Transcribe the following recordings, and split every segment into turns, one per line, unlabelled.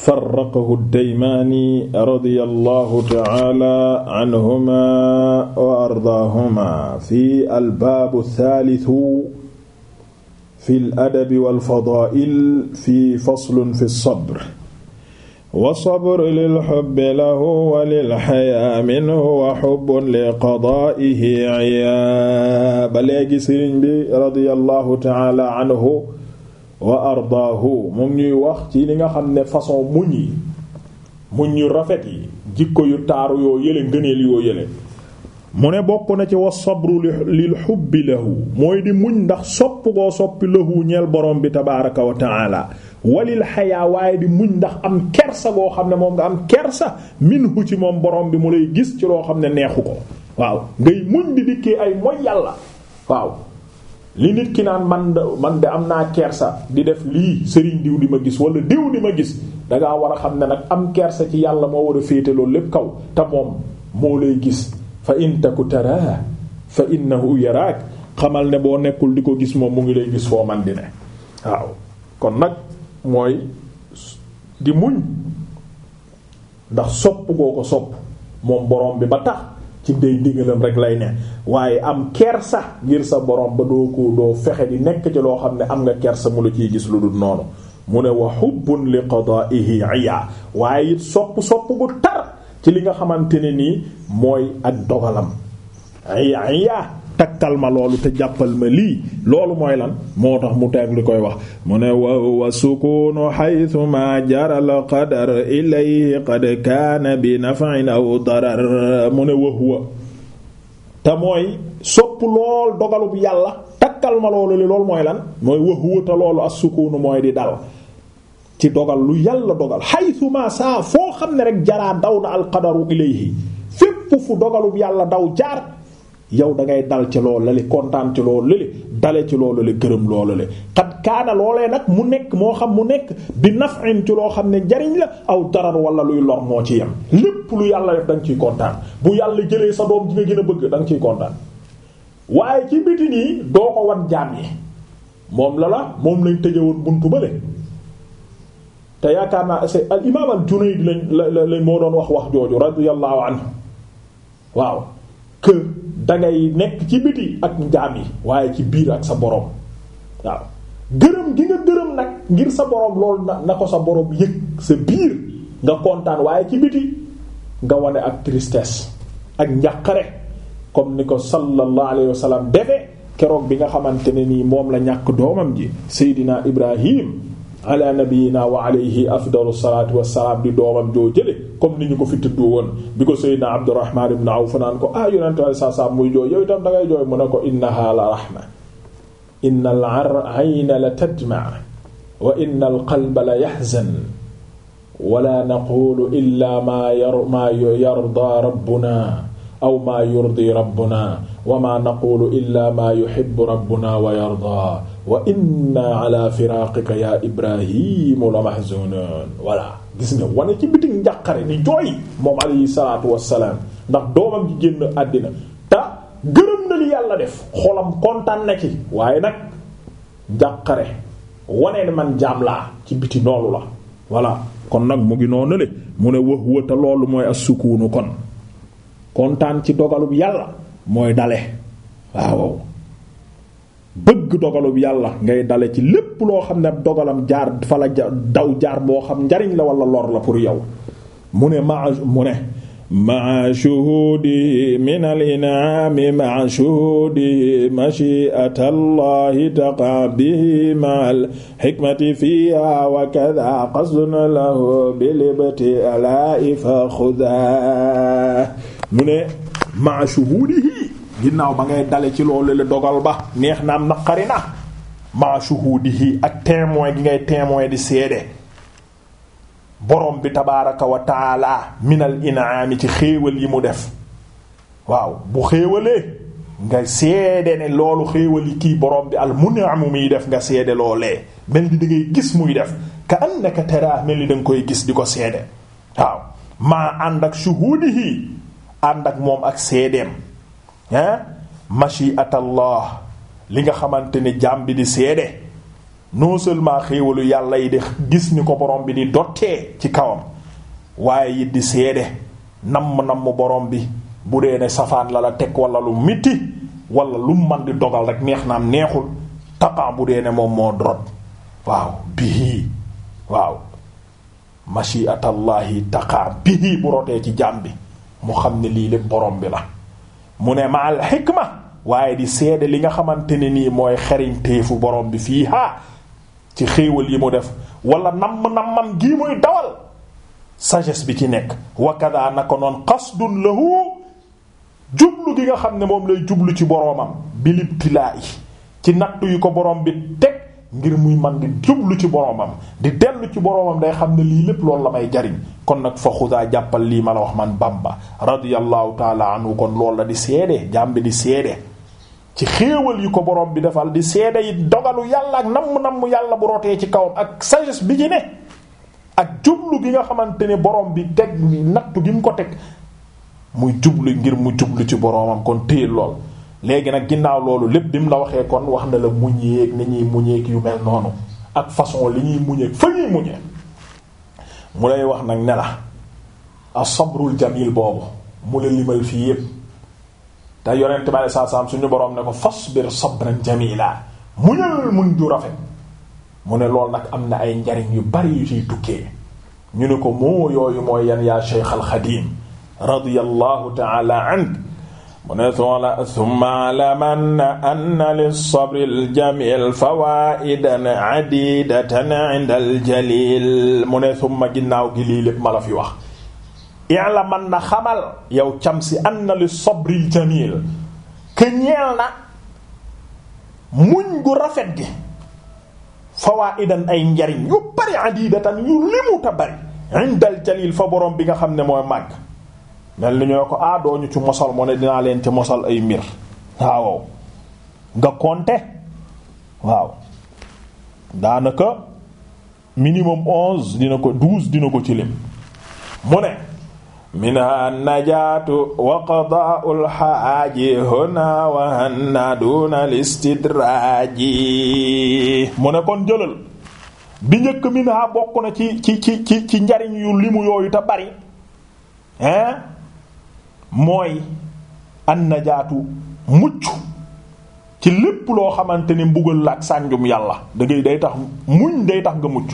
farraqahu ad-Daymaani radiyallahu ta'ala anhumaa wa ardaahumaa fi al-baab ath-thaalith fi al-adab wal-fadaa'il fi faslun fi as-sabr wa as-sabru lil-hubbi lahu wa lil-hayaa minhu wa hubbun li-qadaa'ihi 'iyaa ba léegi sëriñ bi radiyallahu ta'ala anhu wa ardaahu moom ñuy wax ci li nga xam ne façon muñ yi muñ yu rafet yi jikko yu taaru yoo yële ngëneel yoo yële mu ne bokk na ci wa sabru lil xubbi lahu mooy di muñ ndax sopp koo soppi lahu ñeel borom bi tabaaraka wa taala walil xayaa waaye di muñ ndax am sa goo xam ne moom nga am kersa minhu ci moom borom bi mu lay gis ci loo xam ne neexu ko waaw ngay muñ di dikkee ay moy yàlla waaw li nit ki naan man de man de am naa kersa di def lii sëriñ diw di ma gis walla diw di ma gis dangaa war a xam ne nag am kersa ci yàlla moo war a féete loolu lépp kaw te moom moo lay gis fa in taku taraa fa innahu yaraak xamal ne boo nekkul di ko gis moom mu ngi lay gis foo man di ne waaw kon nag mooy di muñ ndax sopp koo ko sopp moom borom bi ba tax ci day digalam rek lay ne waaye am kersa ngir sa borom ba doo ko doo fexe di nekk ci loo xam ne am nga kersa mu la ciy gis lu dul noonu mu ne wa hubbun li qada'ihi iya waaye it sopp sopp bu tar ci li nga xamante ne nii mooy ak dogalam iya iya takkal ma loolu te jàppal ma lii loolu mooy lan moo tax mu teeg li koy wax mu ne wa huwa sukunu haythu ma jara al qadar ilayhi qad kaana bi naf'in aw darar mu ne wa huwa te mooy sopp lool dogalub yàlla takkal ma loolu lan mooy wa huwa te dogal lu yàlla dogal haythuma foo xam ne rek jaraa daw na jaar yow da ngay dal ci loolu lale kontaan ci loolu lale dale ci loolu lale gërëm loolu lale xat kaana loolee nag mu nekk moo xam mu nekk bi naf'in ci loo xam ne njariñ la aw darar wala luy lor moo ci yem lépp lu yàlla def da ci ciy kontaan bu yàlla jëlee sa doom ji nga gën a bëgg danga nga ciy kontaan waaye ci biti nii doo ko wan jaam yi moom la la moom lañ tëjewoon buntu bale te yaakaar naa c'est al imaam al Junayd la la moo doon wax wax jooju radiyallahu anhu waaw dangay nekk ci biti ak jaam yi waaye ci biir ak sa boroom waaw gërëm gi nga gërëm nag ngir sa borom lool na na ko sa borom yëg sa biir nga kontaan waaye ci biti nga wane ak tristesse ak njàqare comme ni ko sallallahu alayhi wa sallam keroog bi nga xamante ne nii moom la ñàkk doomam ji Seydina Ibrahim ala nabiyyina wa alayhi afdalu salaatu wassalaam di doomam joo jële comme ni ñu ko fi tudd woon bi ko sayyidina Abdurrahman ibn Awf naan ko ah yonente alei saa salaam muy jooy yow itam da ngay jooy mu ne ko innaha la rahma inna al-ayna la tadma wa inna al-qalba la yahzan wala naqulu illa ma yarda rabbuna aw ma yurdi rabbuna wa ma naqulu illa ma yuhibbu rabbuna wa yarda wa inna ala firaqika ya ibrahimu la mahzunun voilà gis nga wane ci bitig njàqare di jooy moom alayhi salaatu wassalaam ndax doomam ji génn àddina te gërëm na li yàlla def xolam kontaan na ci waaye nag njàqare wane ne man jaam laa ci biti noolu la voilà kon nag mu ngi noonu le mu ne wëx wëta loolu mooy assukuunu kon kontaan ci dogalub yàlla mooy dale waaw bëgg dogalub yàlla ngay dale ci lépp loo xam ne dogalam jaar fa la daw jaar boo xam njariñ la wala lor la pour yow mu ne ma mu ne maa shuhuudi min al inaami maa shuhuudi machiata allahi taqa bihi ma al xikmati fiha wa kada qasduna lahu bilibti alaa fa xuda mu ne maa shuhuudihi ginnaaw ba ngay dale ci loolu la dogal ba neex naa am naqari na maa shuhudihi ak témoin gi ngay témoin di seede borom bi tabaaraka wa taala minal inaami ci xéewal yi mu def waaw bu xéewalee nga seede ne loolu xéewal yi kii boroom bi al mun'amu muy def nga seede loolee mel ni da ngay gis muy def ka annaka tara mel ni da koy gis di ko seede waaw maa ànd ak shuhudihi ànd ak moom ak seedeem hein mashiatallah li nga xamante ni jaam bi di seede non seulement xéewalu yàlla yi di gis ni ko borom bi di dottee ci kawam waaye it di seede namm-namm borom bi bu dee ne safaan la la teg wala lu mitti wala lu man di dogal rek neex na am neexul tappan bu dee ne moom moo drot waaw bihii waaw mashiatallahi taqa bihii bu rotee ci jaam bi mu xam ne lii lépp borom bi la mu ne ma al waaye di seede li nga xamante ne nii mooy xeriñteefu boroom bi fii haa ci xéewal yi mu def wala namm-nammam gii muy dawal sages bi ci nekk wakada nako noon qasdun lahu jublu gi nga xam ne moom lay jublu ci boroomam bilibtilaa i ci nattu yu ko borom bi ngir muy man di jublu ci boromam di dellu ci boromam day xam ne lii lépp loolu la may jariñ kon nag fa xudaa jàppal lii ma la wax man Bamba radiyallahu taala anhu kon loolu la di seede jaam bi di seede ci xéewal yi ko borom bi defal di seede yi dogalu yàlla ak namm namm yàlla bu rotee ci kawam ak sagesse bi ci ne ak jublu gi nga xamante ne borom bi teg nattu gi mu ko teg muy jublu ngir mu jublu ci boromam kon téye lool. léegi nag ginnaaw loolu lépp bi mu la waxee kon wax na la muñeeg ni ñuy muñeeg yu mel noonu ak façon li ñuy muñeeg fa ñuy muñee mu lay wax nag ne la as-sabrul jamil boobu mu la limal fii yëpp te yonent bi alei satu suñu boroom ne ko fas fasbir sabran jamila muñal muñ ju rafet mu ne loolu nag am na ay njariñ yu bari yu ciy tukkee ñu ne ko moo yooyu mooy yan yaa Cheikh al Xadim radiyallahu ta'ala mu ne soxla summa lamanna anna lissabri aljamil fawaidan adidatan inda aljalil mu ne summa ginnaaw gi lii lépp ma la fi wax i'laman na xamal yow cam si anna lissabri aljamil ke ñeel na muñ gu rafet gi fawaidan ay njariñ yu bari adidatan yu limu ta bari inda aljalil fa borom bi nga xam ne mooy màgg mel ni ñoo ko ah ci mosal mu ne dinaa leen ci mosal ay mbir waaw nga compter waaw daanaka minimum onze dina ko douze dina ko ci lim mu ne minha najaatu wa qadaa'ul haaji huna wa hanna duna listidraaji mu ne kon jëlal bi njëkk minha bokk na ci ci ci ci ci njariñ yu limu yooyu te bari hein mooy an najaatu mucc ci lépp loo xamante ne mbugal la ak sànjum yàlla da day tax muñ day tax nga mucc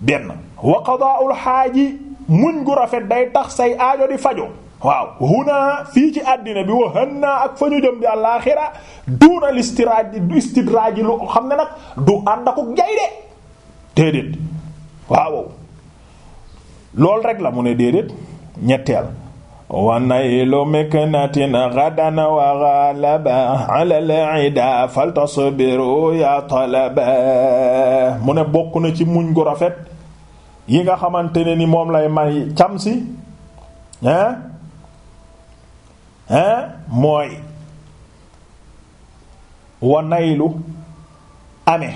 benn wa qadaa'ul xaaji muñ gu rafet day tax say aajo di fajo waaw huna fii ci àddina bi wa hannaa ak fa ñu jëm di àllaaxira duuna listidraaj du istidraaj lu xam ne nag du ànd ak jay de déedéet waaw loolu rek la mu ne déedéet ñetteel wanaylu miknatin gadan wa ghalaba ala al-ida faltasbiru ya talaba mu ne bokk na ci muñ gu rafet yi nga xamante ne ni moom lay may cam si hein hein mooy wanaylu ame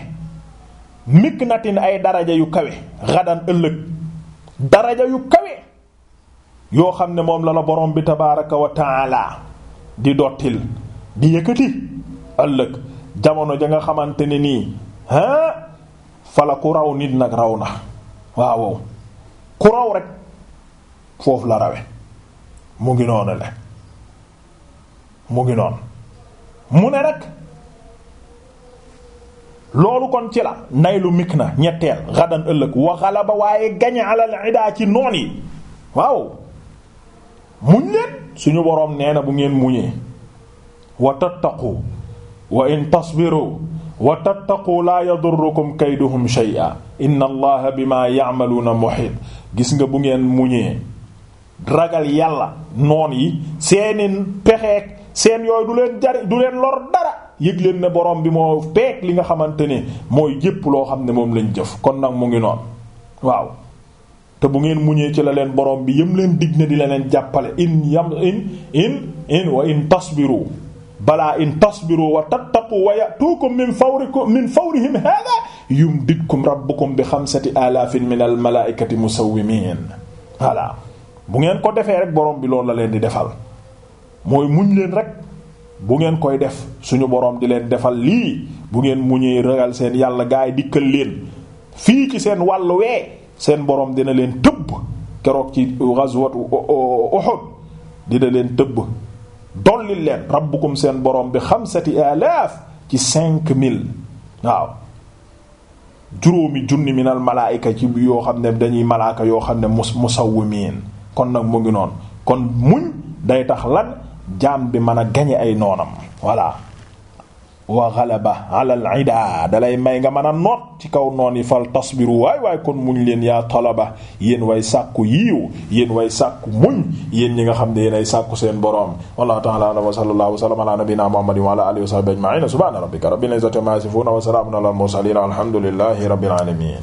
miknatin ay daraja yu kawe gadan ëllëg daraja yu kawe yoo xam ne moom la la borom bi tabaaraka wa taala di dottil di yëkkati ëllëg jamono ja nga xamante ne nii ah fala ku raw nit nag raw na waaw ku raw rek foofu la rawe mu ngi noonu le mu ngi noonu mu ne rek loolu kon ci la naylu mik na ñetteel xadan ëllëg wa xalaba waaye gañe alal idaa ci noon yi waaw muñ leen suñu boroom nee na bu ngeen muñee wa tattaqu wa in tasbiru wa tattaqu laa yadurrukum kayduhum shay'a inna allaha bima ya'maluna muhit gis nga bu ngeen muñee ragal yàlla noon yi seeni pexeek seen yooyu du leen jari du leen lor dara yëg ne borom bi moo peek li nga xamante ne mooy jépp loo xam ne moom lañ jëf kon nag mu ngi noonu waaw te bu ngeen muñee ci la leen borom bi yëm leen dig di la jàppale in yam in in in wa in tasbiru balaa in tasbiru wa tattaqu wa ya'tukum min fawrikum min fawrihim hada yumdidkum rabbukum bi xamsati alaafin min al malaikati musawwimin voilà bu ngeen ko defee rek borom bi loolu la leen di defal mooy muñ leen rek bu ngeen koy def suñu borom di leen defal lii bu ngeen muñee ragal seen yàlla gaay dikkal leen fii ci seen wàll wee seen boroom dina leen tëbb keroog ci ghazwatu Uhud dina leen tëb dollil leen rabbukum seen boroom bi xamsati alaaf ci cinq mille waaw juróomi junni minal malaayika ci yoo xam ne dañuy malaaka yoo xam ne mus musawwimiin kon nag mu ngi noonu kon muñ day tax lan jaan bi mën a gañe ay noonam voilà wa ghalaba ala al ida dalay may nga mën a noot ci kaw noon yi fal tasbiru waay waay kon muñ leen yaa talaba yéen way sàkku yiiw yéen way sàkku muñ yéen ñi nga ay sàkku seen boroom wallahu ta'ala wa sallallahu wa sallama ala nabiyyina muhammadin wa ala alihi wa sahbihi ajma'in subhana rabbika rabbil izzati amma yasifun wa salamun ala al mursalin alhamdulillahi rabbil alamin